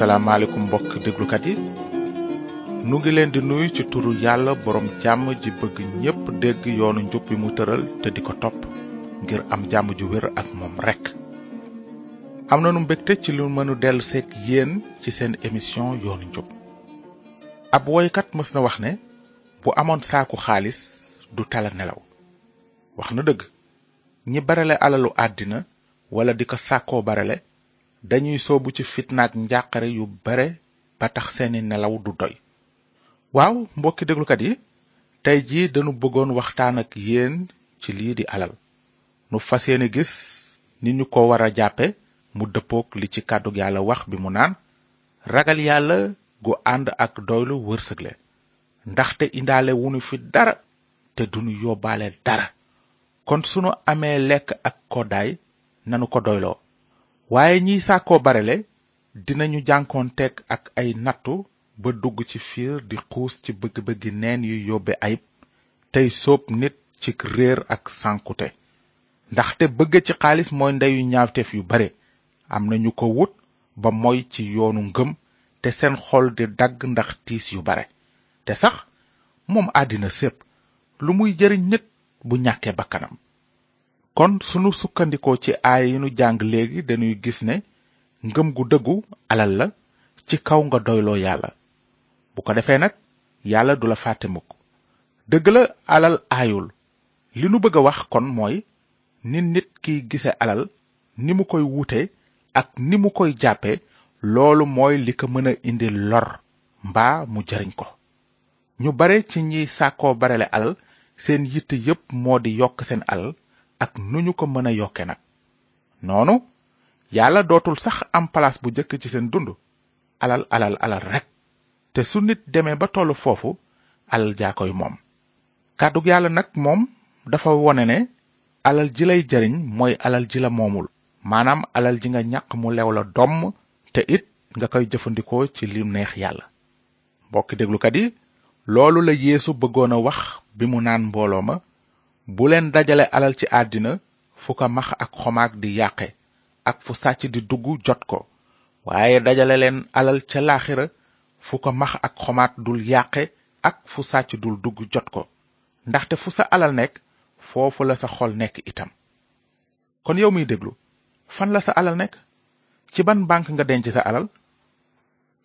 salaamaaleykum mbokk déglukat yi nu ngi leen di nuyu ci turu yàlla boroom jàmm ji bëgg ñépp dégg yoonu njub bi mu tëral te di ko topp ngir am jàmm ju wér ak moom rekk am na nu mbégte ci lu mënu dellu yéen ci seen émission yoonu njub ab woykat mës na wax ne bu amoon saaku xaalis du tala nelaw wax na dëgg ñi barale alalu àddina wala di ko sàkkoo barale dañuy soobu ci fitnaak njàqare yu bare ba tax seeni nelaw du doy waaw mbokki déglukat yi tey jii dañu bëggoon waxtaan ak yéen ci lii di alal nu fas yéene gis ni ñu ko war a jàppe mu dëppook li ci kàddu yàlla wax bi mu naan ragal yàlla gu ànd ak doylu wërsëgle ndaxte indaale wunu fit dara te dunu yóbbaale dara kon su nu amee lekk ak koddaay nanu ko doyloo waaye ñiy sàkkoo barele dinañu jànkoon jànkoonteeg ak ay nattu ba dugg ci fiir di xuus ci bëgg-bëggi neen yu yóbbe ayib tey sóob nit ci réer ak sànkute ndaxte bëgg ci xaalis mooy ndeyu ñaawteef yu bare am na ñu ko wut ba moy ci yoonu ngëm te seen xol di dagg ndax tiis yu bare te sax moom àddina sépp lu muy jëriñ nit bu ñàkkee bakkanam kon sunu sukkandikoo ci aay yi nu jàng léegi dañuy gis ne ngëm gu dëggu alal la ci kaw nga doyloo yàlla bu ko defee nag yàlla du la fàtte mukk dëgg la alal aayul li nu bëgg a wax kon mooy ni nit kiy gise alal ni mu koy wuute ak ni mu koy jàppe loolu mooy li ko mën a indi lor mbaa mu jariñ ko ñu bare ci ñiy sàkkoo barele alal seen yitte yépp moo di yokk seen alal ak nu ñu ko mën a yokke nag noonu yàlla dootul sax am palaas bu jëkk ci seen dund alal alal alal rek te su nit demee ba tollu foofu alal jaa koy moom kàddug yàlla nag moom dafa wone ne alal ji lay jariñ mooy alal ji la moomul maanaam alal ji nga ñàkk mu lew la domm te it nga koy jëfandikoo ci li neex yàlla mbokki déglukat yi loolu la yeesu bëggoon a wax bi mu naan mbooloo ma bu leen dajale alal ci àddina fu ko max ak xomaag di yàqe ak fu sàcc di dugg jot ko waaye dajale leen alal ca laaxira fu ko max ak xomaat dul yàqe ak fu sàcc dul dugg jot ko ndaxte fu sa alal nekk foofu la sa xol nekk itam kon yow miy déglu fan la sa alal nekk ci ban banque nga denc sa alal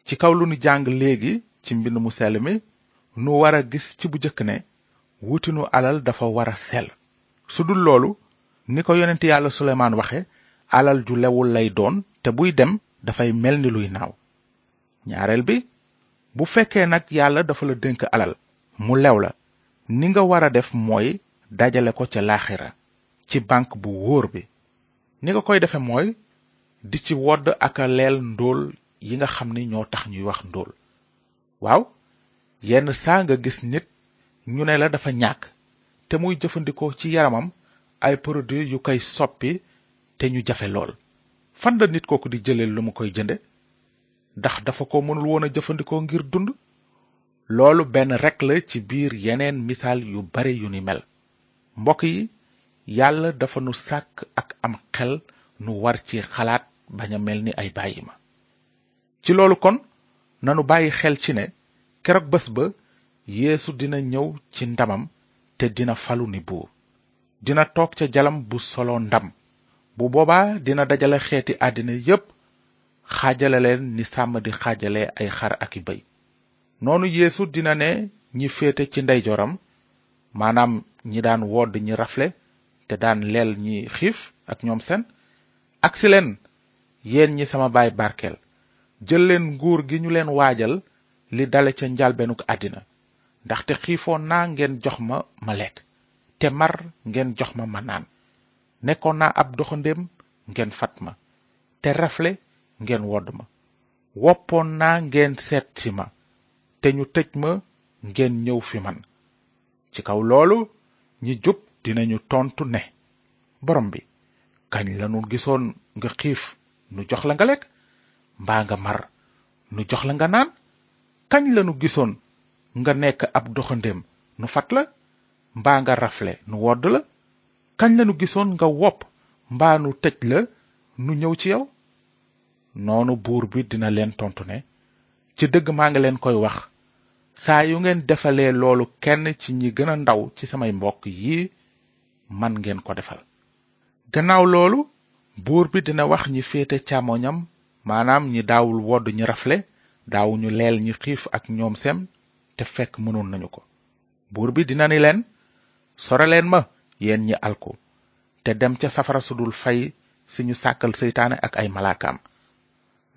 ci kaw lu jàng léegi ci mbind mu sell mi nu war a gis ci bu jëkk ne wutinu alal dafa war a sell su dul loolu ni ko yonent yàlla suleymaan waxe alal ju lewul lay doon te buy dem dafay mel ni luy naaw ñaareel bi bu fekkee nag yàlla dafa la dénk alal mu lew la ni nga war a def mooy dajale ko ca laaxira ci banque bu wóor bi ni nga koy defe mooy di ci wodd ak a leel ndóol yi nga xam ni ñoo tax ñuy wax ndóol waaw yenn saa nga gis nit ñu ne la dafa ñàkk te muy jëfandikoo ci yaramam ay produits yu koy soppi te ñu jafe lool fan la nit kooku di jëlee lu mu koy jënde ndax dafa ko mënul woon a jëfandikoo ngir dund loolu benn rek la ci biir yeneen misaal yu bare yu ni mel mbokk yi yàlla dafa nu sàkk ak am xel nu war ci xalaat bañ mel ni ay bàyyi ma ci loolu kon nanu bàyyi xel ci ne keroog bés ba yéesu dina ñëw ci ndamam te dina falu ni buur dina toog ca jalam bu solo ndam bu boobaa dina dajale xeeti àddina yépp xaajale leen ni sàmm di xaajale ay xar ak i bay noonu yéesu dina ne ñi féete ci ndeyjooram maanaam ñi daan wodd ñi rafle te daan leel ñi xiif ak ñoom seen agsi leen yéen ñi sama baay barkeel jël leen nguur gi ñu leen waajal li dale ca njalbeenuk àddina ndaxte xiifoon naa ngeen jox ma ma lekk te mar ngeen jox ma ma naan nekkoon na ab doxandeem ngeen fat ma te rafle ngeen wodd ma woppoon naa ngeen seet ma te ñu tëj ma ngeen ñëw fi man ci kaw loolu ñi jub dinañu tontu ne borom bi kañ lanu gisoon nga xiif nu jox la nga lekk mbaa nga mar nu jox la nga naan kañ lanu gisoon nga nekk ab doxandéem nu fat la mbaa nga rafle nu wodd la kañ lanu gisoon nga wopp mbaa nu tëj la nu ñëw ci yow noonu buur bi dina leen tontu ne ci dëgg maa ngi leen koy wax saa yu ngeen defalee loolu kenn ci ñi gën a ndaw ci samay mbokk yii man ngeen ko defal gannaaw loolu buur bi dina wax ñi féete càmmoñam maanaam ñi daawul wodd ñi rafle daawuñu leel ñi xiif ak ñoom sem te fekk mënoon nañu ko buur bi dina ni leen sore leen ma yéen ñi alku te dem ca safara su dul fay si ñu sàkkal seytaane ak ay malaakaam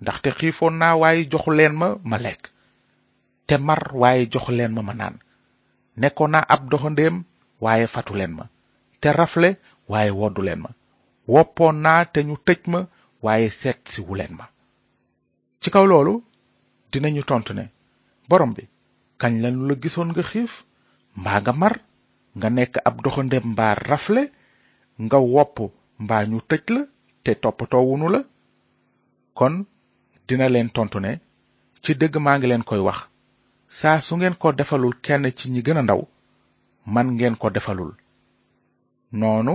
ndaxte xiifoon naa waaye joxu leen ma ma lekk te mar waaye joxu leen ma ma naan nekkoon naa ab doxandéem waaye fatu leen ma te rafle waaye woddu leen ma woppoon naa te ñu tëj ma waaye seet si wuleen ma ci kaw loolu dinañu tontu ne borom bi kañ lanu la gisoon nga xiif mbaa nga mar nga nekk ab doxandem mbaa rafle nga wopp mbaa ñu tëj la te toppatoo la kon dina leen tontu ne ci dëgg maa ngi leen koy wax saa su ngeen ko defalul kenn ci ñi gën a ndaw man ngeen ko defalul noonu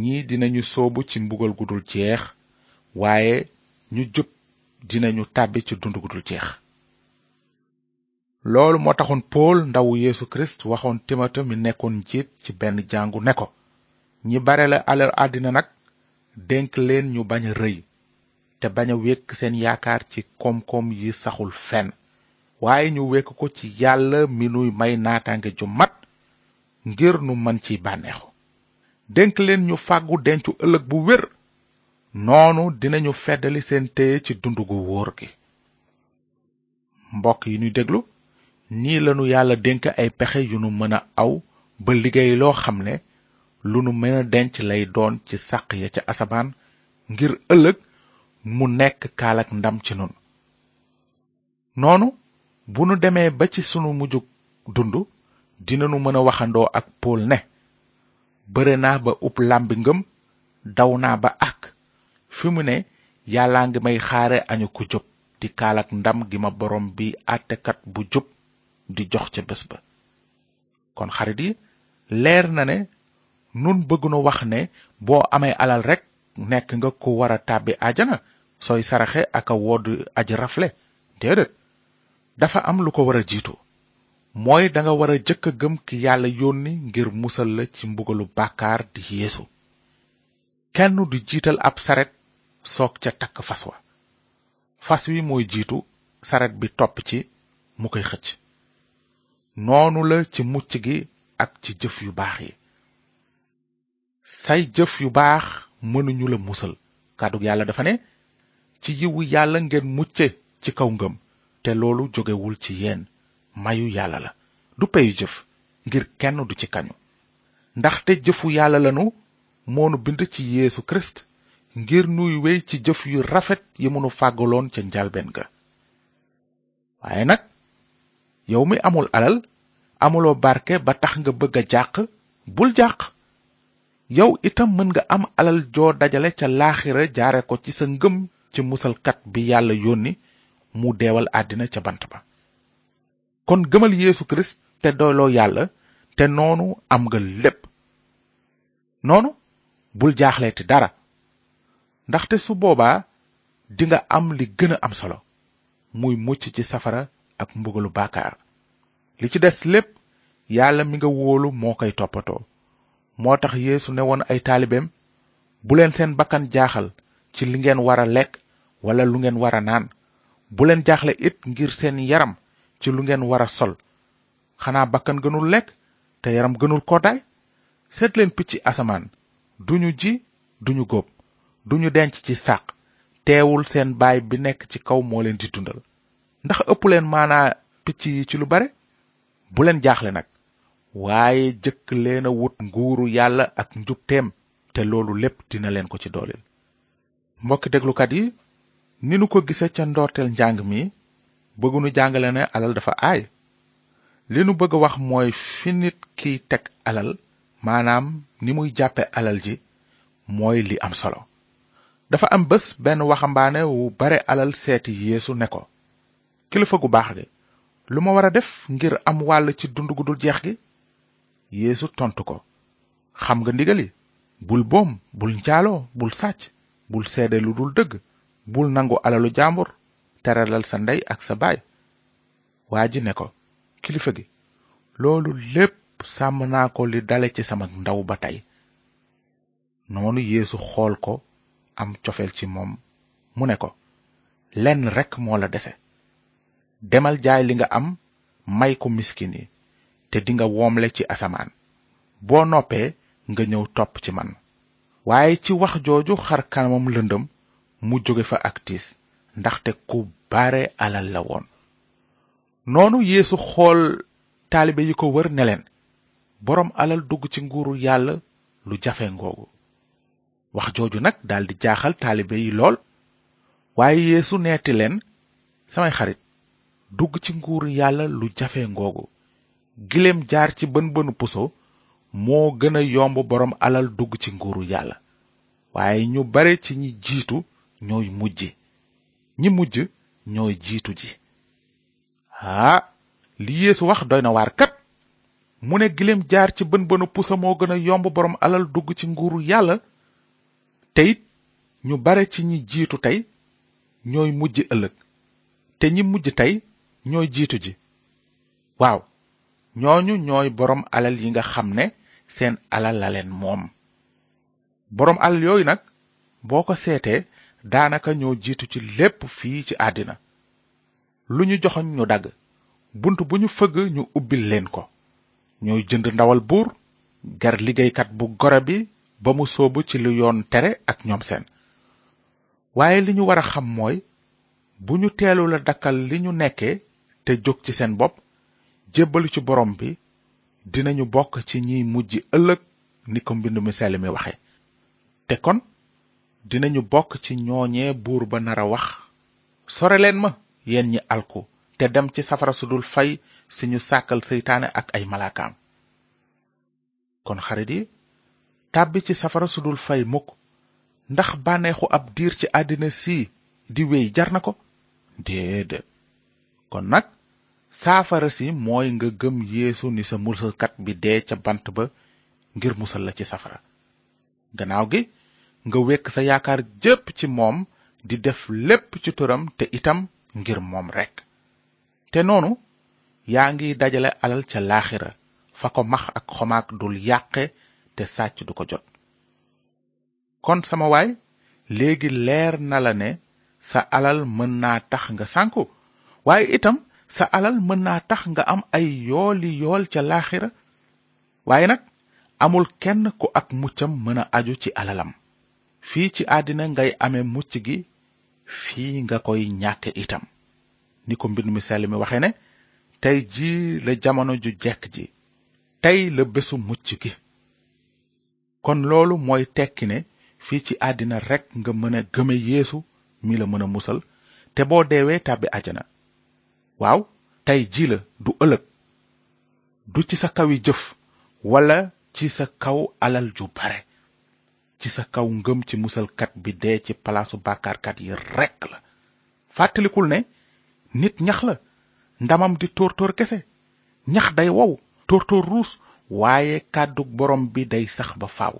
ñii dinañu soobu ci mbugal gudul jeex waaye ñu jub dinañu tàbbi ci dund gudul jeex loolu moo taxoon pool ndawu yéesu kirist waxoon timote mi nekkoon njiit ci benn jàngu ne ko ñi bare la alal àddina nag dénk leen ñu bañ a rëy te bañ a wékk seen yaakaar ci koom-koom yi saxul fenn waaye ñu wékk ko ci yàlla mi nuy may naataange ju mat ngir nu mën ci bànneexu dénk leen ñu fàggu dencu ëllëg bu wér noonu dinañu feddali seen téye ci dund gu wóor gi mbokk yi ñuy déglu nii lanu yàlla dénk ay pexe yu nu mën a aw ba liggéey loo xam ne lu nu mën a denc lay doon ci sàq ya ca asabaan ngir ëllëg mu nekk kaalak ndam ci nun noonu bu nu demee ba ci sunu mujjug dund dinanu mën a waxandoo ak pool ne bëre naa ba ub làmbi ngëm daw naa ba ak fi mu ne yàlla ngi may xaare añu ku jub di kaalak ndam gi ma borom bi àttekat bu jub di jox ca bés ba kon xarit yi leer na ne nun bëggunu wax ne boo amee alal rek nekk nga ku war a tàbbi ajana sooy saraxe ak a wodd aji rafle déedéet dafa am lu ko war a jiitu mooy danga war a jëkk a gëm ki yàlla yónni ngir musal la ci mbugalu bàkkaar di yeesu kenn du jiital ab saret soog ca takk fas wa fas wi mooy jiitu saret bi topp ci mu koy xëcc noonu la ci mucc gi ak ci jëf yu baax yi say jëf yu baax mënuñu la musal kàddug yàlla dafa ne ci yiwu yàlla ngeen mucce ci kaw ngëm te loolu jógewul ci yenn mayu yàlla la du peyu jëf ngir kenn du ci kañu ndaxte jëfu yàlla lanu moonu bind ci yeesu kirist ngir nuy wey ci jëf yu rafet yi mënu fàggaloon ca njalbeen ga waaye nag yow mi amul alal amuloo barke ba tax nga bëgg a jàq bul jàq yow itam mën nga am alal joo dajale ca laaxira jaare ko ci sa ngëm ci musalkat bi yàlla yónni mu deewal àddina ca bant ba kon gëmal yéesu kirist te doyloo yàlla te noonu am nga lépp noonu bul jaaxle ti dara ndaxte su boobaa dinga am li gën a am solo muy mucc ci safara ak mbugalu bàkkaar li ci des lépp yàlla mi nga wóolu moo koy toppatoo moo tax yéesu ne woon ay taalibeem bu leen seen bakkan jaaxal ci li ngeen war a lekk wala lu ngeen war a naan bu leen jaaxle it ngir seen yaram ci lu ngeen war a sol xanaa bakkan gënul lekk te yaram gënul koddaay seetleen picc asamaan duñu ji duñu góob duñu denc ci sàq teewul seen baay bi nekk ci kaw moo leen di tundal ndax ëpp leen maanaa picc yi ci lu bare bu leen jaaxle nag waaye jëkk leen a wut nguuru yàlla ak njubteem te loolu lépp dina leen ko ci dooleel mbokki déglukat yi ni nu ko gise ca ndoortel njàng mi bëggunu jàngale ne alal dafa aay li nu bëgg a wax mooy fi nit kiy teg alal maanaam ni muy jàppe alal ji mooy li am solo dafa am bés benn waxambaane wu bare alal seeti yeesu ne ko kilifa gu baax gi lu ma war a def ngir am wàll ci dund gu dul jeex gi yéesu tontu ko xam nga ndigali bul boom bul njaaloo bul sàcc bul seede lu dul dëgg bul nangu alalu jàmbur teralal sa ndey ak sa baay waa ji ne ko kilifa gi loolu lépp sàmm naa ko li dale ci sama ndaw ba tey noonu yéesu xool ko am cofeel ci moom mu ne ko lenn rekk moo la dese demal jaay li nga am may ko miskin yi te dinga woomle ci asamaan boo noppee nga ñëw topp ci man waaye ci wax jooju xar kanamam lëndëm mu jóge fa ak ndaxte ku bare alal la woon noonu yéesu xool taalibe yi ko wër ne leen boroom alal dugg ci nguuru yàlla lu jafe ngoogu wax jooju nag daldi jaaxal taalibe yi lool waaye yeesu neeti leen samay xarit dugg ci nguur yàlla lu jafe ngoogu giléem jaar ci bën bënu puso moo gën a yomb borom alal dugg ci nguuru yàlla waaye ñu bare ci ñi jiitu ñooy mujj ñi mujj ñooy jiitu ji haa li yéesu wax doy na waar kat mu ne gileem jaar ci bën bënu puso moo gën a yomb borom alal dugg ci nguuru yàlla te ñu bare ci ñi jiitu tey ñooy mujj ëllëg te ñi mujj tey ñooy jiitu ji waaw ñooñu ñooy boroom alal yi nga xam ne seen alal la leen moom boroom alal yooyu nag boo ko seetee daanaka ñoo jiitu ci lépp fii ci àddina lu ñu joxoñ ñu dagg bunt bu ñu fëgg ñu ubbil leen ko ñooy jënd ndawal buur gar liggéeykat bu gore bi ba mu soobu ci lu yoon tere ak ñoom seen waaye li ñu war a xam mooy bu ñu teelu la dakkal li ñu nekkee te jóg ci seen bopp jébbalu ci borom bi dinañu bokk ci ñiy mujj ëllëg ni ko mbind mi sell mi waxe te kon dinañu bokk ci ñooñee buur ba nara wax sore leen ma yéen ñi alku te dem ci safara su dul fay si ñu sàkkal seytaane ak ay malaakaam kon xarit yi tàbbi ci safara su dul fay mukk ndax bànneexu ab diir ci àddina si di wéy jar na ko déedéet kon nag saafara si mooy nga gëm yeesu ni sa musalkat bi dee ca bant ba ngir musal la ci safara gannaaw gi nga wékk sa yaakaar jépp ci moom di def lépp ci turam te itam ngir moom rekk te noonu yaa ngi dajale alal ca laaxira fa ko max ak xomaag dul yàqe te sàcc du ko jot kon sama waay léegi leer na la ne sa alal mën naa tax nga sànku waaye itam sa alal mën naa tax nga am ay yooli yool ca laaxira waaye nag amul kenn ku ak muccam mën a aju ci alalam fii ci àddina ngay amee mucc gi fii nga koy ñàkke itam ni ko mbind mi sell mi waxe ne tey jii la jamono ju jekk ji tey la bésu mucc gi kon loolu mooy tekki ne fii ci àddina rekk nga mën a gëme yéesu mi la mën a musal te boo deewee tàbbi ajana waaw tey jii la du ëllëg du ci sa kaw yi jëf walla ci sa kaw alal ju bare ci sa kaw ngëm ci musalkat bi dee ci palaasu bàkkaarkat yi rekk la fàttalikul ne nit ñax la ndamam di tóortóor kese ñax day wow tóortóor ruus waaye kàddu borom bi day sax ba faw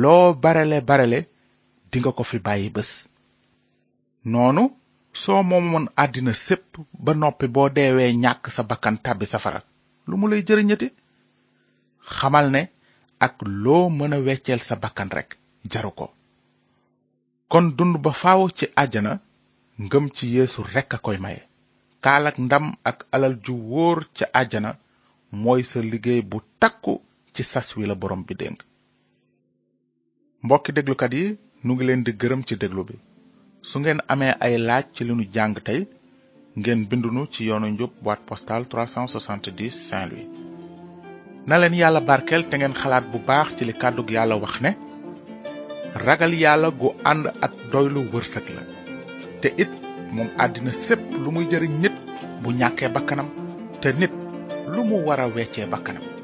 loo barele barele dinga ko fi bàyyi bés noonu soo moomoon àddina sépp ba noppi boo deewee ñàkk sa bakkan tàbbi safara lu mu lay jëriñati xamal ne ak loo mën a wecceel sa bakkan rekk jaru ko kon dund ba faw ci àjjana ngëm ci yéesu rekk a koy maye kaal ndam ak alal ju wóor ca àjjana mooy sa liggéey bu takku ci sas wi la borom bi dénk mbokki déglukat yi nu ngi leen di gërëm ci déglu bi su ngeen amee ay laaj ci li nu jàng tey ngeen bindunu ci yoonu njub boîte postale 370 Saint-Louis na leen yàlla barkeel te ngeen xalaat bu baax ci li kàddug yàlla wax ne ragal yàlla gu ànd ak doylu wërsëg la te it moom àddina sépp lu muy jëriñ nit bu ñàkkee bakkanam te nit lu mu war a weccee bakkanam